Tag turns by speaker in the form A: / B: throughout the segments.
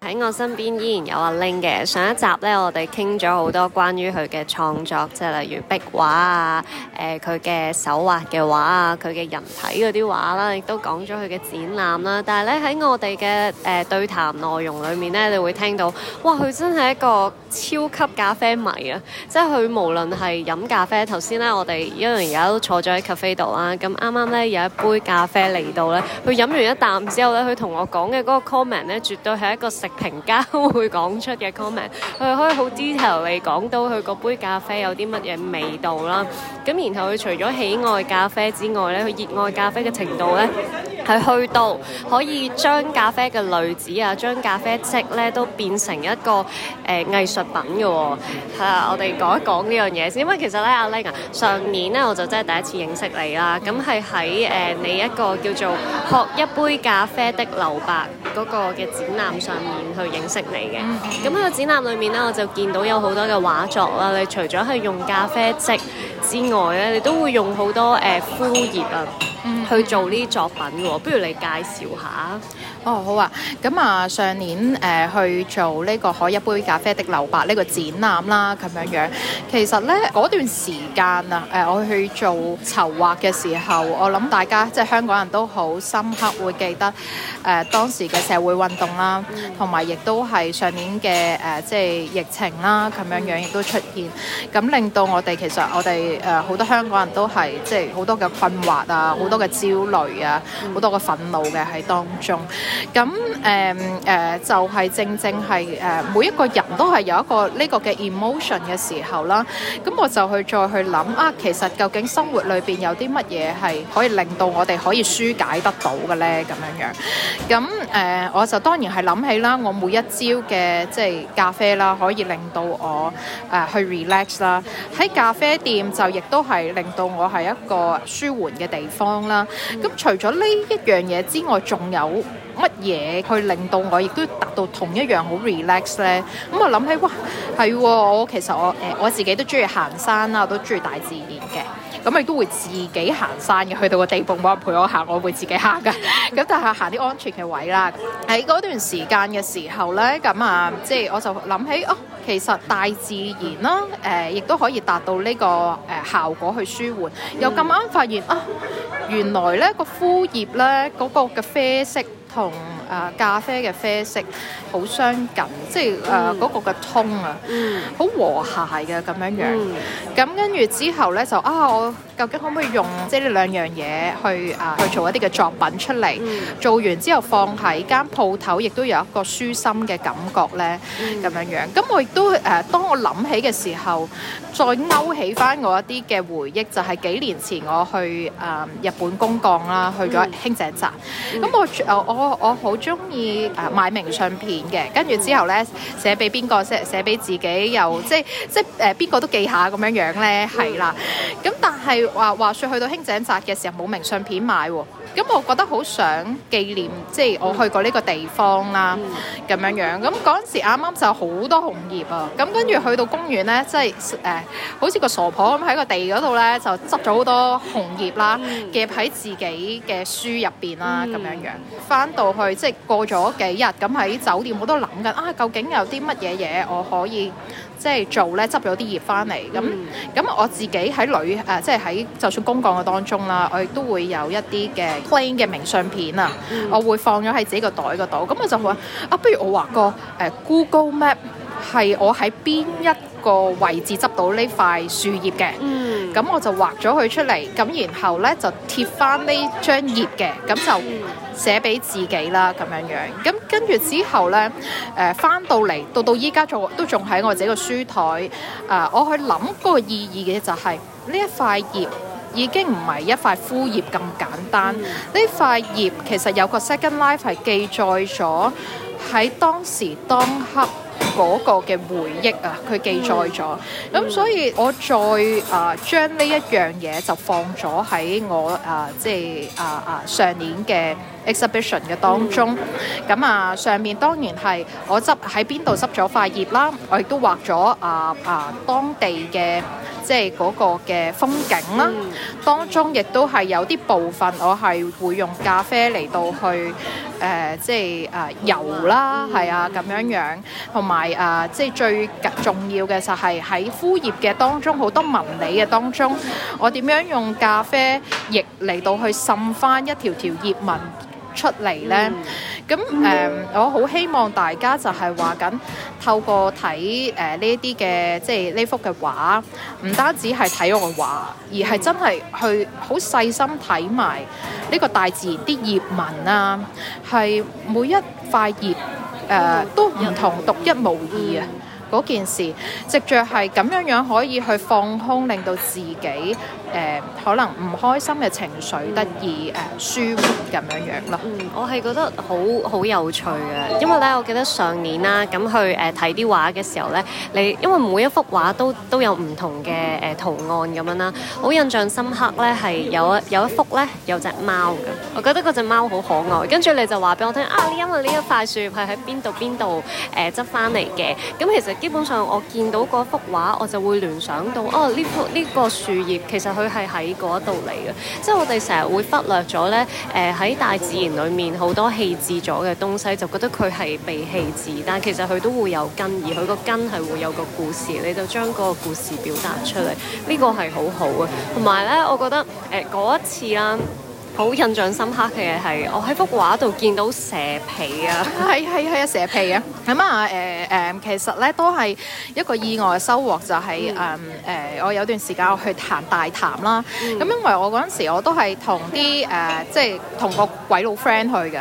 A: 喺我身邊依然有阿 Ling 嘅。上一集呢，我哋傾咗好多關於佢嘅創作，即係例如壁畫啊，誒佢嘅手畫嘅畫啊，佢嘅人體嗰啲畫啦，亦都講咗佢嘅展覽啦。但係呢，喺我哋嘅誒對談內容裏面呢，你會聽到，哇，佢真係一個超級咖啡迷啊！即係佢無論係飲咖啡，頭先呢，我哋因為而家都坐咗喺咖啡度啦，咁啱啱呢，有一杯咖啡嚟到呢，佢飲完一啖之後呢，佢同我講嘅嗰個 comment 呢，絕對係一個評家會講出嘅 comment，佢可以好 detail 嚟講到佢個杯咖啡有啲乜嘢味道啦。咁然後佢除咗喜愛咖啡之外咧，佢熱愛咖啡嘅程度呢？係去到可以將咖啡嘅濾紙啊，將咖啡漬咧都變成一個誒、呃、藝術品嘅喎、哦。係啊，我哋講一講呢樣嘢先。因為其實咧，阿 Ling 啊，上年咧我就真係第一次認識你啦。咁係喺誒你一個叫做《學一杯咖啡的留白》嗰個嘅展覽上面去認識你嘅。咁喺 Okay. 個展覽裏面咧，我就見到有好多嘅畫作啦。你除咗係用咖啡漬之外咧，你都會用好多誒枯、呃、葉啊。去做呢啲作品，不如你介紹下哦，
B: 好啊。咁啊，上年誒、呃、去做呢、這個學一杯咖啡的留白》呢個展覽啦，咁樣樣其實咧段時間啊，誒、呃、我去做籌劃嘅時候，我諗大家即係香港人都好深刻會記得誒、呃、當時嘅社會運動啦，同埋亦都係上年嘅誒、呃、即係疫情啦，咁樣樣亦都出現，咁、嗯、令到我哋其實我哋誒好多香港人都係即係好多嘅困惑啊，好多嘅。焦慮啊，好多個憤怒嘅喺當中，咁誒誒就係正正係誒每一個人都係有一個呢個嘅 emotion 嘅時候啦，咁我就去再去諗啊，其實究竟生活裏邊有啲乜嘢係可以令到我哋可以舒解得到嘅呢？咁樣樣，咁誒我就當然係諗起啦，我每一朝嘅即係咖啡啦，可以令到我誒去 relax 啦，喺咖啡店就亦都係令到我係一個舒緩嘅地方啦。咁、嗯、除咗呢一樣嘢之外，仲有乜嘢去令到我亦都達到同一樣好 relax 呢？咁我諗起，哇，係、哦、我其實我誒、呃、我自己都中意行山啦，都中意大自然嘅。咁亦都會自己行山嘅，去到個地步冇人陪我行，我會自己行㗎。咁 但係行啲安全嘅位啦。喺嗰段時間嘅時候呢，咁啊，即係我就諗起哦，其實大自然啦，誒、呃，亦都可以達到呢、這個誒、呃、效果去舒緩。又咁啱發現哦，原來呢個枯葉呢，嗰、那個嘅啡色同 Uh, 咖啡嘅啡色好相近，嗯、即係啊嗰個嘅 tone 啊，好和諧嘅咁樣樣。咁跟住之後咧就啊我。究竟可唔可以用即係呢兩樣嘢去啊去做一啲嘅作品出嚟？Mm. 做完之後放喺間鋪頭亦都有一個舒心嘅感覺咧。咁樣樣，咁我亦都誒、啊、當我諗起嘅時候，再勾起翻我一啲嘅回憶就係、是、幾年前我去誒、啊、日本公幹啦，去咗輕井澤。咁、mm. 我我我好中意誒買明信片嘅，跟住之後咧寫俾邊個寫寫俾自己又即係即係誒邊個都記下咁樣樣咧。係啦、啊，咁、mm. 但係。話話説去到輕井澤嘅時候冇明信片買喎，咁、嗯、我覺得好想紀念，即、就、係、是、我去過呢個地方啦咁樣樣。咁嗰陣時啱啱就好多紅葉啊，咁、嗯、跟住去到公園呢，即係誒，好似個傻婆咁喺個地嗰度呢，就執咗好多紅葉啦，夾喺自己嘅書入邊啦咁樣樣。翻、嗯嗯、到去即係、就是、過咗幾日，咁、嗯、喺酒店我都諗緊啊，究竟有啲乜嘢嘢我可以？即係做呢，執咗啲葉翻嚟咁。咁、嗯、我自己喺旅誒，即係喺就算公幹嘅當中啦，我亦都會有一啲嘅 plain 嘅明信片啊，嗯、我會放咗喺自己個袋嗰度。咁我就話：啊，不如我畫個、呃、Google Map。係我喺邊一個位置執到呢塊樹葉嘅，咁、嗯、我就畫咗佢出嚟。咁然後呢，就貼翻呢張葉嘅，咁就寫俾自己啦。咁樣樣咁跟住之後呢，誒、呃、翻到嚟到到依家仲都仲喺我自己個書台啊、呃！我去諗嗰個意義嘅就係、是、呢一塊葉已經唔係一塊枯葉咁簡單。呢、嗯、塊葉其實有個 second life 係記載咗喺當時當刻，嗰個嘅回憶啊，佢記載咗，咁、嗯、所以我再啊將呢一樣嘢就放咗喺我啊、呃、即係啊啊上年嘅 exhibition 嘅當中，咁啊上面當然係我執喺邊度執咗塊葉啦，我亦都畫咗啊啊當地嘅即係嗰個嘅風景啦。當中亦都係有啲部分，我係會用咖啡嚟到去誒即係誒油啦，係啊咁樣樣，同埋啊即係最重要嘅就係喺枯葉嘅當中，好多紋理嘅當中，我點樣用咖啡液嚟到去滲翻一條條葉紋。出嚟呢，咁誒、呃，我好希望大家就係話緊，透過睇誒呢啲嘅，即係呢幅嘅畫，唔單止係睇我嘅畫，而係真係去好細心睇埋呢個大自然啲葉紋啊，係每一塊葉誒、呃、都唔同，獨一無二啊！嗰件事，直着係咁樣樣可以去放空，令到自己誒、呃、可能唔開
A: 心嘅情緒得以誒、嗯、舒緩咁樣樣咯。嗯，我係覺得好好有趣嘅，因為咧，我記得上年啦，咁去誒睇啲畫嘅時候咧，你因為每一幅畫都都有唔同嘅誒、呃、圖案咁樣啦，好印象深刻咧係有一有一幅咧有隻貓嘅，我覺得嗰隻貓好可愛，跟住你就話俾我聽啊，因為呢一塊樹葉係喺邊度邊度誒執翻嚟嘅，咁、呃、其實。基本上我見到嗰幅畫，我就會聯想到哦，呢幅呢、呢個樹葉其實佢係喺嗰度嚟嘅，即係我哋成日會忽略咗咧，誒、呃、喺大自然裏面好多棄置咗嘅東西，就覺得佢係被棄置，但係其實佢都會有根，而佢個根係會有個故事，你就將嗰個故事表達出嚟，呢個、呢個係好好嘅。同埋咧，我覺得誒嗰一次啦。好印象深刻嘅係我喺幅畫度見到蛇皮啊！ 係
B: 係係啊，蛇皮啊！咁啊誒誒，其實咧都係一個意外嘅收穫，就係誒誒，我有段時間去行大潭啦。咁、嗯、因為我嗰陣時我都係同啲誒即係同個鬼佬 friend 去嘅。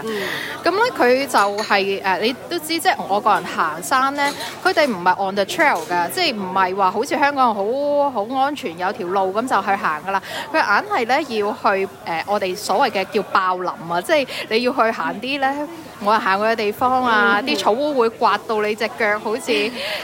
B: 咁咧佢就係、是、誒、呃、你都知即係我個人行山咧，佢哋唔係 on the trail 㗎，即係唔係話好似香港好好安全有條路咁就去行噶啦。佢硬係咧要去誒、呃、我哋。所謂嘅叫爆林啊，即係你要去行啲咧。我行過嘅地方啊，啲、mm hmm. 草烏會刮到你隻腳好似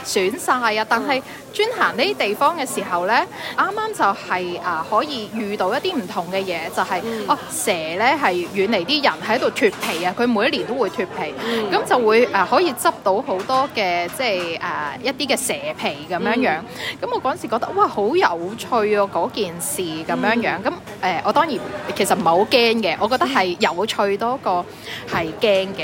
B: 損晒啊！但係專行呢啲地方嘅時候咧，啱啱就係啊可以遇到一啲唔同嘅嘢，就係、是 mm hmm. 哦蛇咧係遠離啲人喺度脱皮啊！佢每一年都會脱皮，咁、mm hmm. 嗯、就會誒、啊、可以執到好多嘅即係誒、啊、一啲嘅蛇皮咁樣樣咁、mm hmm. 我陣時覺得哇好有趣哦！件事咁樣樣咁誒我當然其實唔係好驚嘅，我覺得係有趣多過係驚嘅。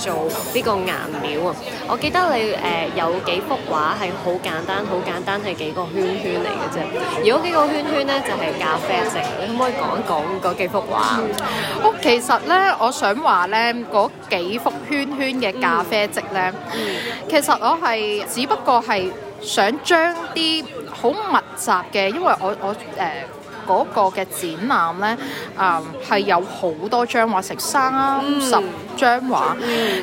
A: 做呢個顏料啊！我記得你誒、呃、有幾幅畫係好簡單，好簡單係幾個圈圈嚟嘅啫。如果幾個圈圈呢，就係、是、咖啡色。你可唔可以講一講嗰幾幅畫？
B: 我、哦、其實呢，我想話呢，嗰幾幅圈圈嘅咖啡色呢，嗯嗯、其實我係只不過係想將啲好密集嘅，因為我我誒，呃嗰個嘅展覽咧，啊，係有好多張畫，成三十張畫，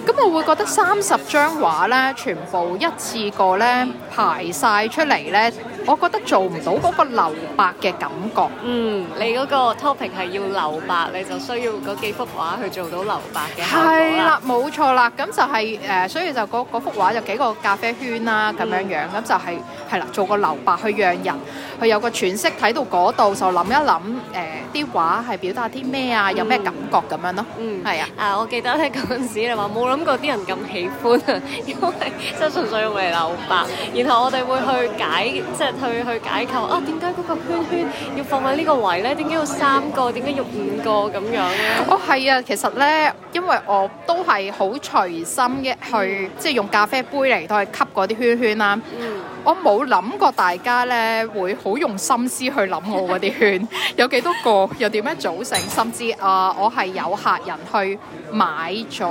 B: 咁我會覺得三十張畫咧，全部一次過咧排晒出嚟咧，我覺得做唔到嗰個留白嘅感覺。嗯，
A: 你嗰個 topic 係要留白，你就需要嗰幾幅畫去做到留白嘅。係啦，冇錯啦，咁就係
B: 誒，所以就嗰嗰幅畫有幾個咖啡圈啦，咁樣樣，咁就係係啦，做個留白去讓人。佢有個詮釋，睇到嗰度就諗一諗，誒、呃、啲畫係表達
A: 啲咩啊？有咩感覺咁樣咯？嗯，係啊。啊，我記得咧嗰陣時，你話冇諗過啲人咁喜歡啊，因為即係純粹用嚟留白。然後我哋會去解，即係去去解構啊，點解嗰個圈圈要放喺呢個位咧？點解要三個？點解要五
B: 個咁樣咧？哦，係啊，其實咧，因為我都係好隨心嘅，去、嗯、即係用咖啡杯嚟都係吸嗰啲圈圈啦、啊。嗯。我冇諗過大家咧會好用心思去諗我嗰啲圈，有幾多個，又點樣組成，甚至啊，我係有客人去買咗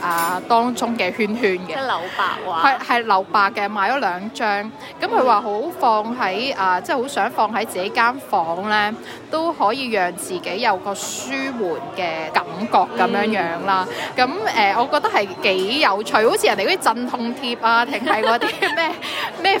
B: 啊當中嘅圈圈嘅，即係留白話，係係留白嘅，買咗兩張。咁佢話好放喺啊，即係好想放喺自己間房咧，都可以讓自己有個舒緩嘅感覺咁樣樣啦。咁誒，我覺得係幾有趣，好似人哋嗰啲鎮痛貼啊，定係嗰啲咩咩。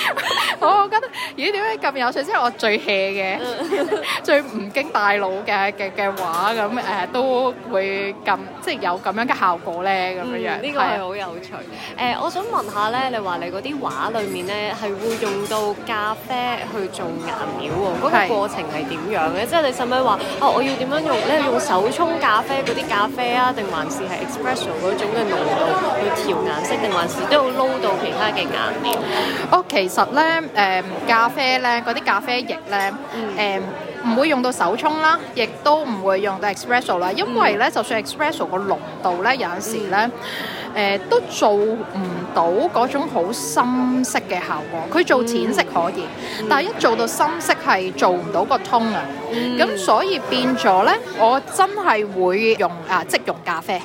B: 我覺得，咦？點解咁有趣？即係我最 hea 嘅， 最唔經大腦嘅嘅嘅畫咁誒，都會咁即係有咁樣嘅效果咧
A: 咁樣樣。呢個係好有趣。誒對、嗯，我想問下咧，你，你話你嗰啲畫裡面咧係會用到咖啡去做顏料喎？嗰、那個過程係點樣嘅？是即係你使唔使話啊？我要點樣用？你用手沖咖啡嗰啲咖啡啊，定還是係 expression 嗰種嘅濃度去調顏色，定還，還是都要撈到其他嘅顏料？OK。其實
B: 咧，誒咖啡咧，嗰啲咖啡液咧，誒唔會用到手沖啦，亦都唔會用到 espresso 啦，因為咧，就算 espresso 個濃度咧，有陣時咧，誒都做唔到嗰種好深色嘅效果。佢做淺色可以，但係一做到深色係做唔到個 tone 啊。咁所以變咗咧，我真係會用啊即。用咖啡，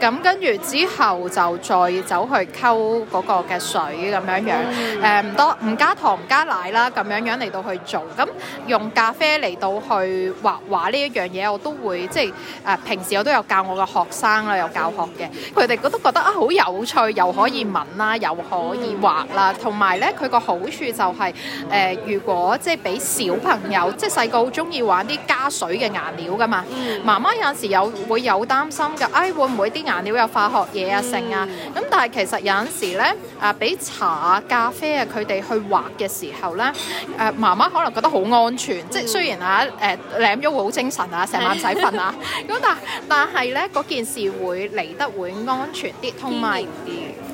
B: 咁跟住之後就再走去溝嗰個嘅水咁樣樣，誒唔、嗯嗯、多唔加糖加奶啦咁樣樣嚟到去做，咁、嗯、用咖啡嚟到去畫畫呢一樣嘢，我都會，即係誒、呃、平時我都有教我嘅學生啦，有教學嘅，佢哋覺都覺得啊好有趣，又可以聞啦，又可以畫啦，同埋咧佢個好處就係、是、誒、呃、如果即係俾小朋友即係細個好中意玩啲加水嘅顏料噶嘛，嗯、媽媽有陣時有會有。擔心嘅，哎會唔會啲顏料有化學嘢啊、成啊、嗯？咁但係其實有陣時咧，啊、呃、俾茶、咖啡啊佢哋去畫嘅時候咧，誒、呃、媽媽可能覺得好安全，即係雖然啊誒舐咗會好精神啊，成晚唔使瞓啊，咁 但但係咧嗰件事會嚟得會安全啲，同埋。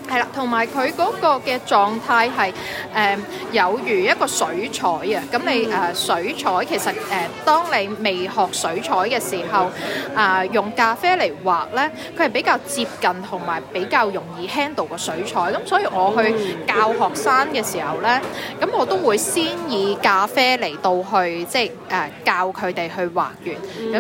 B: 係啦，同埋佢嗰個嘅狀態係誒、呃、有如一個水彩啊！咁你誒、呃、水彩其實誒、呃，當你未學水彩嘅時候，啊、呃、用咖啡嚟畫呢，佢係比較接近同埋比較容易 handle 個水彩。咁所以我去教學生嘅時候呢，咁我都會先以咖啡嚟到去即係誒、呃、教佢哋去畫完，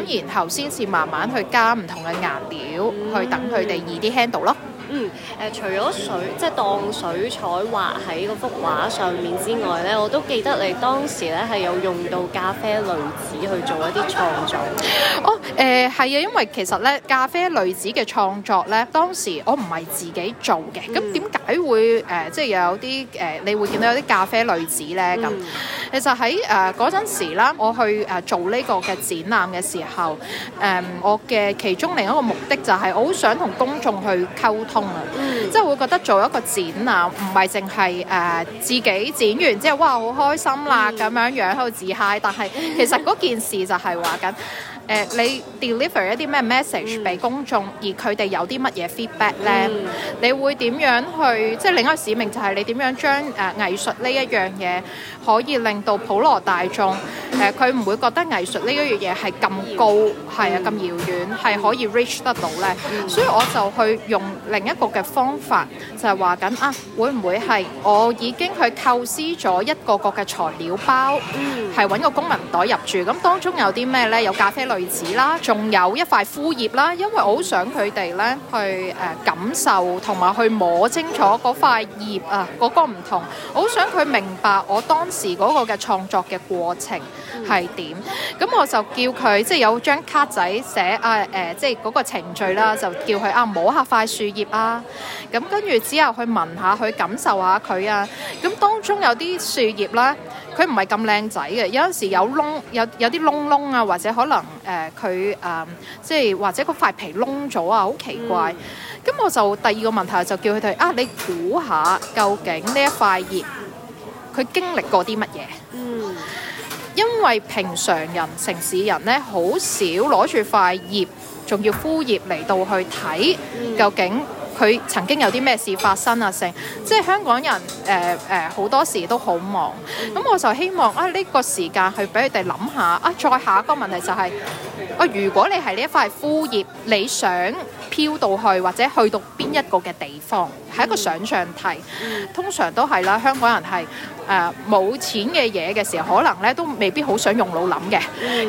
B: 咁然後先至慢慢去加唔同嘅顏料去等佢哋易啲 handle 咯。
A: 嗯，呃，除咗水，即係當水彩畫喺嗰幅畫上面之外咧，我都記得你當時咧係有用到咖啡濾紙去做一啲創作。
B: 誒，係啊，哦、呃，因為其實咧，咖啡濾紙嘅創作咧，當時我唔係自己做嘅。咁點解會誒、即、呃、係、就是、有啲誒、呃，你會見到有啲咖啡濾紙咧？咁、嗯、其實喺誒嗰陣時啦，我去誒做呢個嘅展覽嘅時候，誒、呃，我嘅其中另一個目的就係我好想同公眾去溝通啊，即係、嗯、會覺得做一個展覽唔係淨係誒自己展完之後哇好開心啦、啊、咁、嗯、樣樣喺度自嗨。但係其實嗰件事就係話緊。誒你 deliver 一啲咩 message 俾公眾，而佢哋有啲乜嘢 feedback 咧？你會點樣去即係另一個使命，就係你點樣將誒藝術呢一樣嘢可以令到普羅大眾誒佢唔會覺得藝術呢一樣嘢係咁高，係啊，咁遙遠，係可以 reach 得到咧？所以我就去用另一個嘅方法，就係話緊啊，會唔會係我已經去構思咗一個個嘅材料包，係揾個公文袋入住，咁當中有啲咩咧？有咖啡。例子啦，仲有一塊枯葉啦，因為我好想佢哋呢去誒感受同埋去摸清楚嗰塊葉啊嗰、嗰個唔同，我好想佢明白我當時嗰個嘅創作嘅過程係點。咁我就叫佢即係有張卡仔寫啊誒、呃，即係嗰個程序啦，就叫佢啊摸下塊樹葉啊，咁跟住之後去聞下，去感受下佢啊。咁當中有啲樹葉啦，佢唔係咁靚仔嘅，有陣時有窿，有有啲窿窿啊，或者可能誒佢誒即係或者個塊皮窿咗啊，好奇怪。咁我就第二個問題就叫佢哋啊，你估下究竟呢一塊葉佢經歷過啲乜嘢？嗯，因為平常人城市人咧，好少攞住塊葉，仲要枯葉嚟到去睇究竟。佢曾經有啲咩事發生啊？成即係香港人誒誒好多時都好忙，咁我就希望啊呢個時間去俾佢哋諗下啊。再下一個問題就係：啊，如果你係呢一塊枯葉，你想飄到去或者去到邊一個嘅地方？係一個想像題，通常都係啦。香港人係。誒冇錢嘅嘢嘅時候，可能咧都未必好想用腦諗嘅。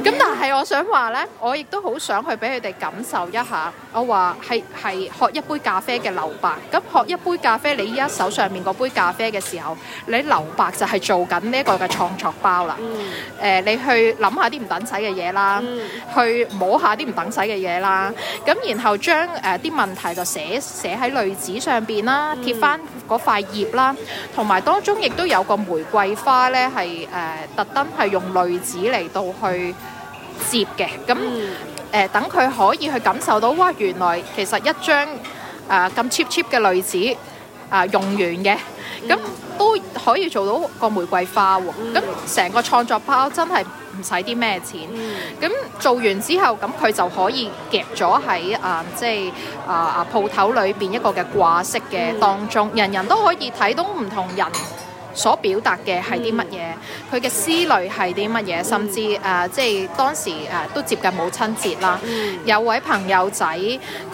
B: 咁但係我想話咧，我亦都好想去俾佢哋感受一下。我話係係學一杯咖啡嘅留白。咁學一杯咖啡，你依家手上面嗰杯咖啡嘅時候，你留白就係做緊呢一個嘅創作包啦。誒，你去諗下啲唔等使嘅嘢啦，去摸下啲唔等使嘅嘢啦。咁然後將誒啲問題就寫寫喺濾紙上邊啦，貼翻嗰塊葉啦，同埋當中亦都有個玫瑰花咧係誒特登係用濾紙嚟到去折嘅，咁誒等佢可以去感受到，哇！原來其實一張啊咁 cheap cheap 嘅濾紙啊用完嘅，咁都可以做到個玫瑰花喎。咁成個創作包真係唔使啲咩錢，咁做完之後，咁佢就可以夾咗喺啊，即係啊啊鋪頭裏邊一個嘅掛飾嘅當中，人人都可以睇到唔同人，所表達嘅係啲乜嘢，佢嘅、嗯、思慮係啲乜嘢，甚至誒即係當時誒、啊、都接近母親節啦。嗯、有位朋友仔，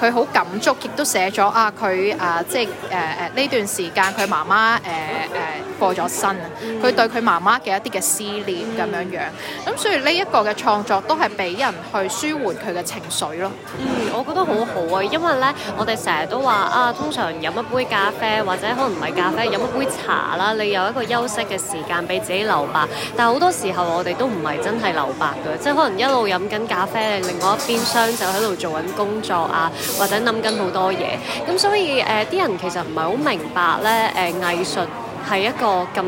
B: 佢好感觸，亦都寫咗啊，佢誒即係誒誒呢段時間佢媽媽誒誒過咗身啊，佢、啊嗯、對佢媽媽嘅一啲嘅思念咁樣樣。咁所以呢一個嘅創作都係
A: 俾人去舒緩佢嘅情緒咯。嗯，我覺得好好啊，因為咧，我哋成日都話啊，通常飲一杯咖啡或者可能唔係咖啡，飲一杯茶啦，你有。一個休息嘅時間俾自己留白，但係好多時候我哋都唔係真係留白㗎，即係可能一路飲緊咖啡，另外一邊廂就喺度做緊工作啊，或者諗緊好多嘢，咁所以誒啲、呃、人其實唔係好明白咧誒、呃、藝術，係一個咁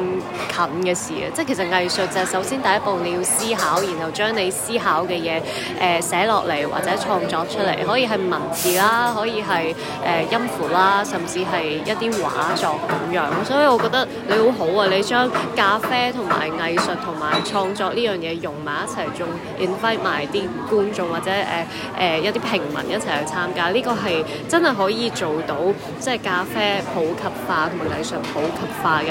A: 近嘅事啊，即係其實藝術就係首先第一步你要思考，然後將你思考嘅嘢誒寫落嚟，或者創作出嚟，可以係文字啦，可以係誒、呃、音符啦，甚至係一啲畫作咁樣，所以我覺得你好好啊！你將咖啡同埋藝術同埋創作呢樣嘢融埋一齊仲 invite 埋啲觀眾或者誒誒、呃呃、一啲平民一齊去參加，呢、呢個係真係可以做到即係咖啡普及化同埋藝術普及化嘅。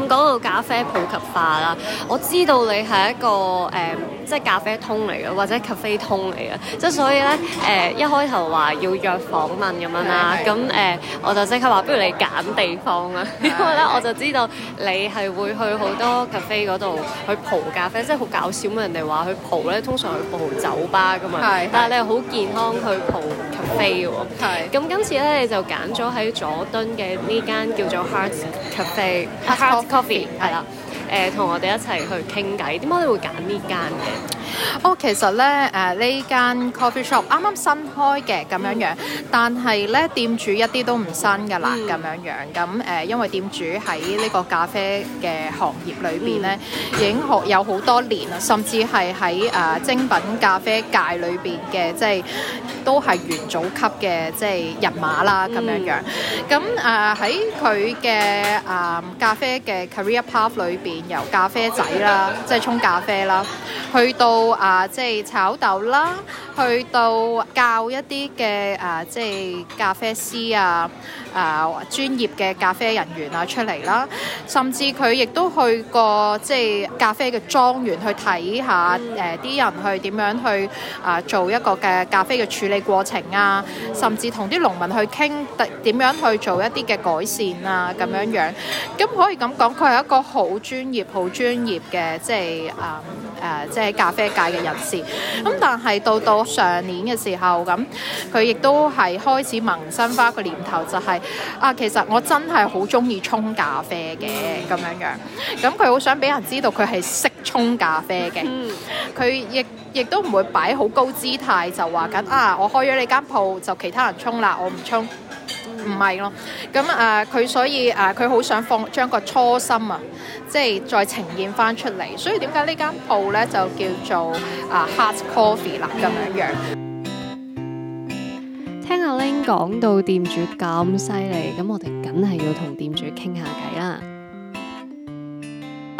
A: 咁講到咖啡普及化啦，我知道你係一個誒，即係咖啡通嚟嘅，或者咖啡通嚟嘅，即係所以咧誒，一開頭話要約訪問咁樣啦，咁誒，我就即刻話，不如你揀地方啦。因為咧我就知道你係會去好多咖啡嗰度去蒲咖啡，即係好搞笑啊！人哋話去蒲咧，通常去蒲酒吧噶嘛，但係你係好健康去蒲咖啡喎。係。咁今次咧，你就揀咗喺佐敦嘅呢間叫做 Heart Cafe。coffee 係啦 Yeah.，誒、呃、同我哋一齊去傾偈，點解你會揀呢間嘅？哦，其
B: 實咧，誒呢間 coffee shop 啱啱新開嘅咁樣樣，但係咧店主一啲都唔新噶啦咁樣樣。咁、呃、誒，因為店主喺呢個咖啡嘅行業裏邊，咧已經學有好多年啦，甚至係喺誒精品咖啡界裏邊嘅，即係都係元祖級嘅即係人馬啦咁樣樣。咁誒喺佢嘅誒咖啡嘅 career path 裏邊，由咖啡仔啦，即係沖咖啡啦，去到啊，即係炒豆啦，去到教一啲嘅啊，即係咖啡師啊，啊專業嘅咖啡人員出啊出嚟啦，甚至佢亦都去過即係咖啡嘅莊園去睇下，誒、啊、啲人去點樣去啊做一個嘅咖啡嘅處理過程啊，甚至同啲農民去傾點樣去做一啲嘅改善啊咁樣樣，咁、嗯、可以咁講，佢係一個好專業、好專業嘅即係啊。誒、呃，即係咖啡界嘅人士，咁、嗯、但係到到上年嘅時候，咁佢亦都係開始萌生返一個念頭，就係，就係啊，其實我真係好中意沖咖啡嘅咁樣樣，咁佢好想俾人知道佢係識沖咖啡嘅，佢亦亦都唔會擺好高姿態就話緊啊，我開咗你間鋪就其他人沖啦，我唔沖。唔係咯，咁啊佢所以啊佢好想放將個初心啊，即係再呈現翻出嚟。所以點解呢間鋪咧就叫做啊、呃、Heart Coffee 啦咁樣樣。
A: 聽阿 Ling 講到店主咁犀利，咁我哋梗係要同店主傾下偈啦。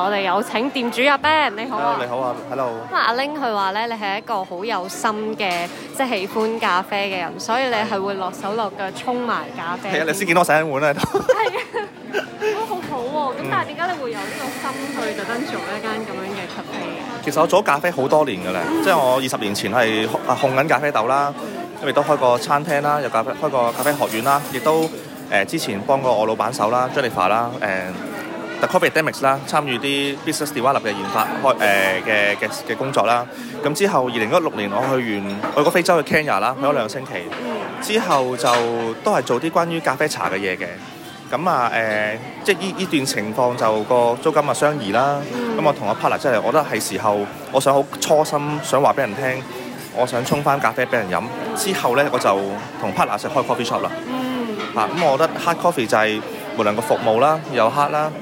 A: 我哋有請店主阿 Ben，你好啊！你好啊，hello。咁啊，阿 Ling 佢話咧，你係一個好有心嘅，即係喜歡咖啡嘅人，所以你係會落手落腳沖埋咖啡。係啊，你先見到洗緊碗啦喺
C: 度。係啊，哇，好好喎！咁但係點
A: 解你會有呢個心去特登做一間咁樣
C: 嘅咖啡啊？其實我做咗咖啡好多年㗎啦，即係我二十年前係烘緊咖啡豆啦，亦都開過餐廳啦，又咖啡開過咖啡學院啦，亦都誒之前幫過我老闆手啦，Jennifer 啦，誒。特 coffee demix 啦，參與啲 business development 嘅研發，開誒嘅嘅嘅工作啦。咁之後二零一六年我去完我去過非洲去 Kenya 啦，去咗兩個星期。之後就都係做啲關於咖啡茶嘅嘢嘅。咁啊誒，即係呢依段情況就個租金啊相宜啦。咁我同阿 partner 即係，我覺得係時候，我想好初心想話俾人聽，我想沖翻咖啡俾人飲。之後咧，我就同 partner 一齊開 coffee shop 啦。啊，咁、嗯嗯嗯、我覺得黑 coffee 就係、是、無論個服務啦，又黑啦。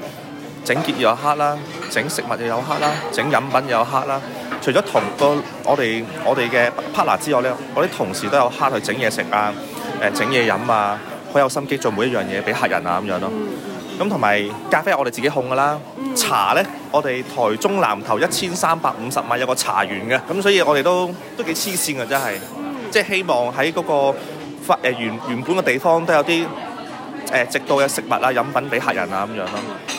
C: 整潔又有客啦，整食物又有客啦，整飲品又有客啦。除咗同個我哋我哋嘅 partner 之外咧，我啲同事都有客去整嘢食啊，誒整嘢飲啊，好有心機做每一樣嘢俾客人啊咁樣咯。咁同埋咖啡我哋自己烘噶啦，茶咧，我哋台中南投一千三百五十米有個茶園嘅，咁所以我哋都都幾黐線噶真係，即係希望喺嗰個發誒原原本嘅地方都有啲誒地道嘅食物啊飲品俾客人啊咁樣咯。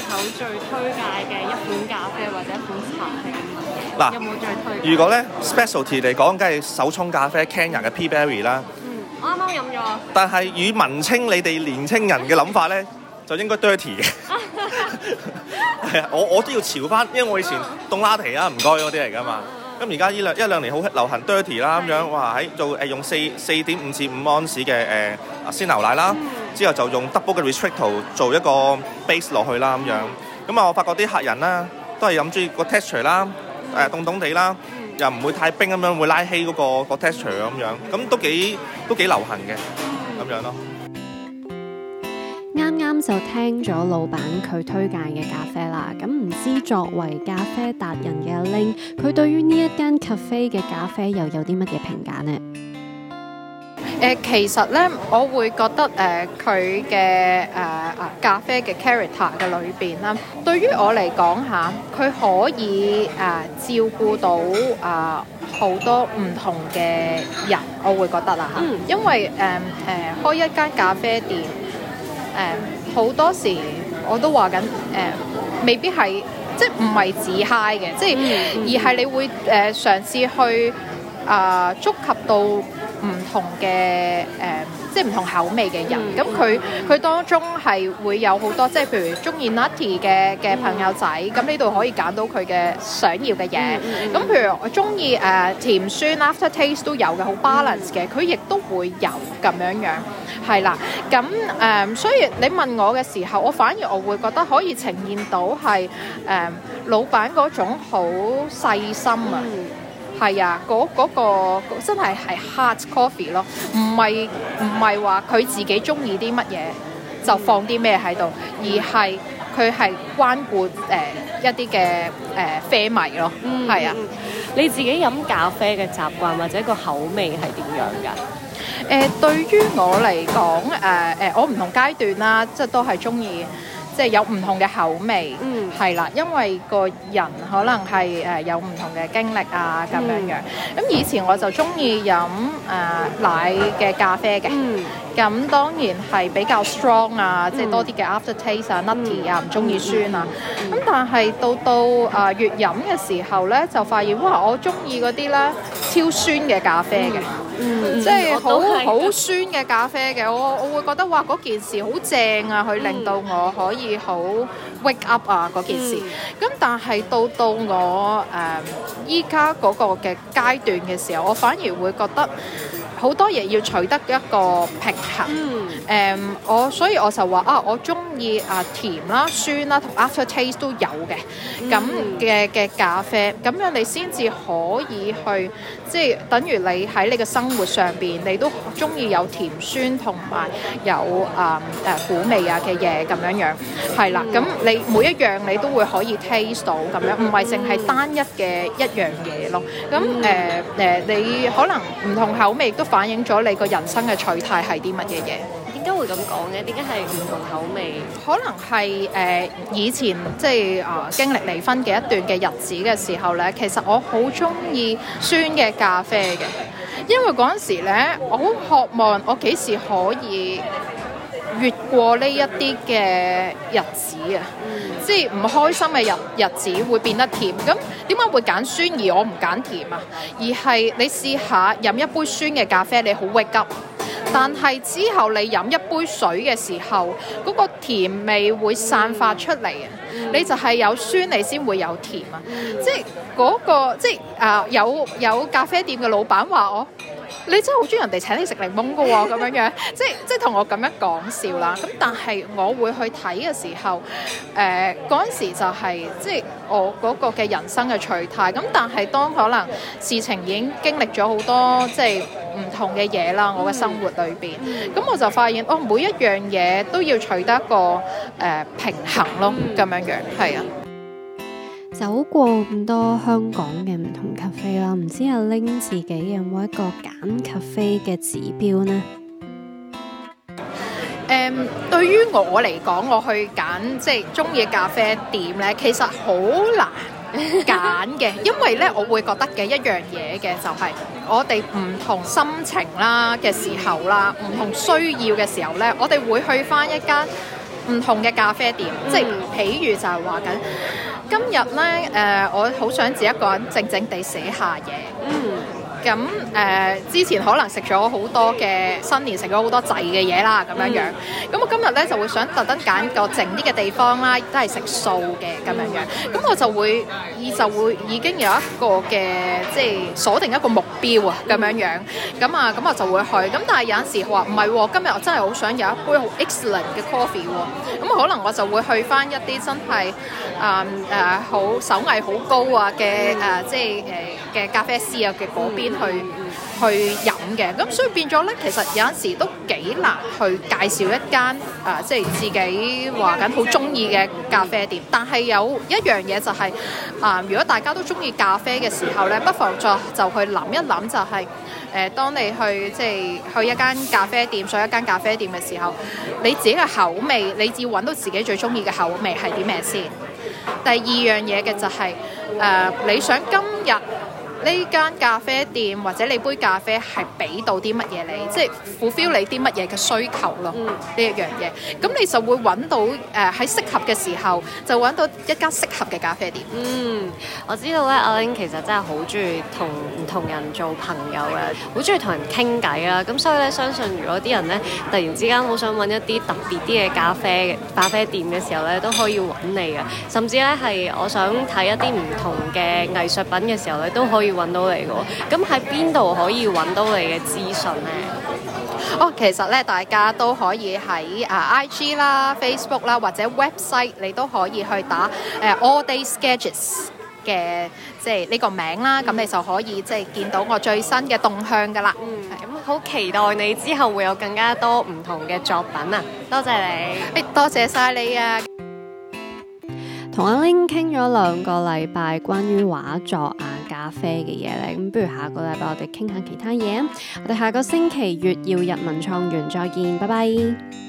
A: 口最推介嘅一款咖啡或者一款茶，有冇最
C: 推？如果咧，specialty 嚟講，梗係手沖咖啡，Canner 嘅 Perry 啦。Peaberry，嗯，我啱啱
A: 飲咗。
C: 但係與文青你哋年青人嘅諗法咧， 就應該 dirty 嘅。係 啊，我我都要潮返，因為我以前凍拉提啊，唔該嗰啲嚟噶嘛。咁而家呢兩一兩年好流行 dirty 啦，咁樣哇喺做誒、呃、用四四點五至五安士嘅誒鮮牛奶啦，mm hmm. 之後就用 double 嘅 restrictor 做一個 base 落去啦，咁樣。咁啊、mm，hmm. 我發覺啲客人啦都係飲中意個 texture 啦、mm，誒、hmm. 凍凍地啦，mm hmm. 又唔會太冰咁樣會拉稀嗰、嗰個、嗰個 texture 咁、mm hmm. 樣，咁都幾都幾流行嘅咁、mm hmm. 樣咯。
A: 就聽咗老闆佢推介嘅咖啡啦，咁唔知作為咖啡達人嘅 Ling，佢對於呢一間 cafe 嘅咖啡又有啲乜嘢評價呢、
B: 呃？其實呢，我會覺得誒，佢嘅誒咖啡嘅 character 嘅裏邊啦，對於我嚟講嚇，佢可以誒、呃、照顧到誒好、呃、多唔同嘅人，我會覺得啦嚇，因為誒誒、呃呃、開一間咖啡店誒。呃好多時我都話緊誒，未必係即係唔係自嗨嘅，即係、mm hmm. 而係你會誒、呃、嘗試去啊、呃、觸及到。唔同嘅誒、呃，即係唔同口味嘅人，咁佢佢當中係會有好多，即係譬如中意 nutty 嘅嘅朋友仔，咁呢度可以揀到佢嘅想要嘅嘢。咁、嗯嗯、譬如我中意誒甜酸 aftertaste 都有嘅，好 balance 嘅，佢亦、嗯、都會有咁樣樣，係啦。咁誒、呃，所以你問我嘅時候，我反而我會覺得可以呈現到係誒、呃、老闆嗰種好細心啊。嗯係啊，嗰嗰、那個真係係 hot coffee 咯，唔係唔係話佢自己中意啲乜嘢就放啲咩喺度，而係佢係關顧誒、呃、一啲嘅誒啡迷咯。係啊、嗯，
A: 你自己飲咖啡嘅習慣或者個口味係點樣㗎？誒、呃，對
B: 於我嚟講，誒、呃、誒，我唔同階段啦，即係都係中意。即係有唔同嘅口味，係啦、嗯，因為個人可能係誒有唔同嘅經歷啊咁樣樣。咁、嗯、以前我就中意飲誒奶嘅咖啡嘅。嗯咁當然係比較 strong 啊，嗯、即係多啲嘅 aftertaste 啊、nutty、嗯、啊，唔中意酸啊。咁、嗯、但係到到誒越飲嘅時候呢，就發現哇，我中意嗰啲呢超酸嘅咖啡嘅，嗯、即係好好酸嘅咖啡嘅，我我會覺得哇嗰件事好正啊，佢令到我可以好 wake up 啊嗰件事。咁、嗯、但係到到我誒依家嗰個嘅階段嘅時候，我反而會覺得好多嘢要取得一個平衡。誒、嗯，um, 我所以我就話啊，我中以啊甜啦酸啦同 after taste 都有嘅，咁嘅嘅咖啡，咁樣你先至可以去，即係等於你喺你嘅生活上面，你都中意有甜酸同埋有啊誒苦味啊嘅嘢咁樣樣，係啦，咁你每一樣你都會可以 taste 到咁樣，唔係淨係單一嘅一樣嘢咯。咁誒誒，你可能唔同口味都反映咗你個人生嘅取態係啲乜嘢嘢。
A: 都會咁講嘅，點解係唔同
B: 口味？可能係誒、呃、以前即係啊、呃、經歷離婚嘅一段嘅日子嘅時，時候呢，其實我好中意酸嘅咖啡嘅，因為嗰陣時呢，我好渴望我幾時可以越過呢一啲嘅日子啊，嗯、即係唔開心嘅日日子會變得甜。咁點解會揀酸而我唔揀甜啊？而係你試下飲一杯酸嘅咖啡，你好 wake up。但係之後你飲一杯水嘅時候，嗰、那個甜味會散發出嚟啊！你就係有酸，你先會有甜啊！即係嗰、那個即係啊、呃！有有咖啡店嘅老闆話我：你真係好中意人哋請你食檸檬㗎喎咁樣樣，即係即係同我咁樣講笑啦。咁但係我會去睇嘅時候，誒嗰陣時就係、是、即係我嗰個嘅人生嘅趣態。咁但係當可能事情已經經歷咗好多，即係。唔同嘅嘢啦，我嘅生活裏邊，咁我就發現，哦，每一樣嘢都要取得一個誒、呃、平衡咯，咁樣樣係。
A: 走過咁多香港嘅唔同咖啡啦，唔知阿 Ling 自己有冇一個揀咖啡嘅指標呢？
B: 誒、嗯，對於我嚟講，我去揀即係中意嘅咖啡店呢，其實好難揀嘅， 因為呢，我會覺得嘅一樣嘢嘅就係、是。我哋唔同心情啦嘅時候啦，唔同需要嘅時候呢，我哋會去返一間唔同嘅咖啡店，嗯、即係譬如就係話緊，今日呢，誒、呃，我好想自己一個人靜靜地寫下嘢。咁誒，之前可能食咗好多嘅新年食咗好多滯嘅嘢啦，咁樣樣。咁我今日咧就會想特登揀個靜啲嘅地方啦，都係食素嘅咁樣樣。咁我就會，已就會已經有一個嘅即係鎖定一個目標啊，咁樣樣。咁啊，咁我就會去。咁但係有陣時話唔係喎，今日我真係好想有一杯好 excellent 嘅 coffee 喎。咁可能我就會去翻一啲真係誒誒好手藝好高啊嘅誒，即係誒嘅咖啡師啊嘅嗰邊。去去飲嘅，咁所以變咗咧，其實有陣時都幾難去介紹一間啊、呃，即係自己話緊好中意嘅咖啡店。但係有一樣嘢就係、是、啊、呃，如果大家都中意咖啡嘅時候咧，不妨再就去諗一諗、就是，就係誒，當你去即係去一間咖啡店，上一間咖啡店嘅時候，你自己嘅口味，你要揾到自己最中意嘅口味係啲咩先？第二樣嘢嘅就係、是、誒、呃，你想今日？呢間咖啡店或者你杯咖啡係俾到啲乜嘢你？即係 fulfill 你啲乜嘢嘅需求咯。呢一樣嘢，咁你就會揾到誒喺適合嘅時
A: 候，就揾到一間適合嘅咖啡店。嗯，我知道咧，阿 Ling 其實真係好中意同唔同人做朋友嘅，好中意同人傾偈啦。咁所以咧，相信如果啲人咧突然之間好想揾一啲特別啲嘅咖啡咖啡店嘅時候咧，都可以揾你嘅。甚至咧係我想睇一啲唔同嘅藝術品嘅時候咧，都可以，揾到你喎，咁喺邊度可以揾到你嘅資訊呢？哦，其
B: 實咧，大家都可以喺啊 IG 啦、Facebook 啦或者 website，你都可以去打誒 all day sketches 嘅即係呢個名啦，咁你就可以即係見到我最新嘅動向噶啦。嗯，咁
A: 好期待你之後會有更加多唔同嘅作品啊！多謝你，誒多謝曬你啊！同阿玲傾咗兩個禮拜關於畫作啊咖啡嘅嘢咧，咁不如下個禮拜我哋傾下其他嘢。我哋下個星期月曜日文創園再見，拜拜。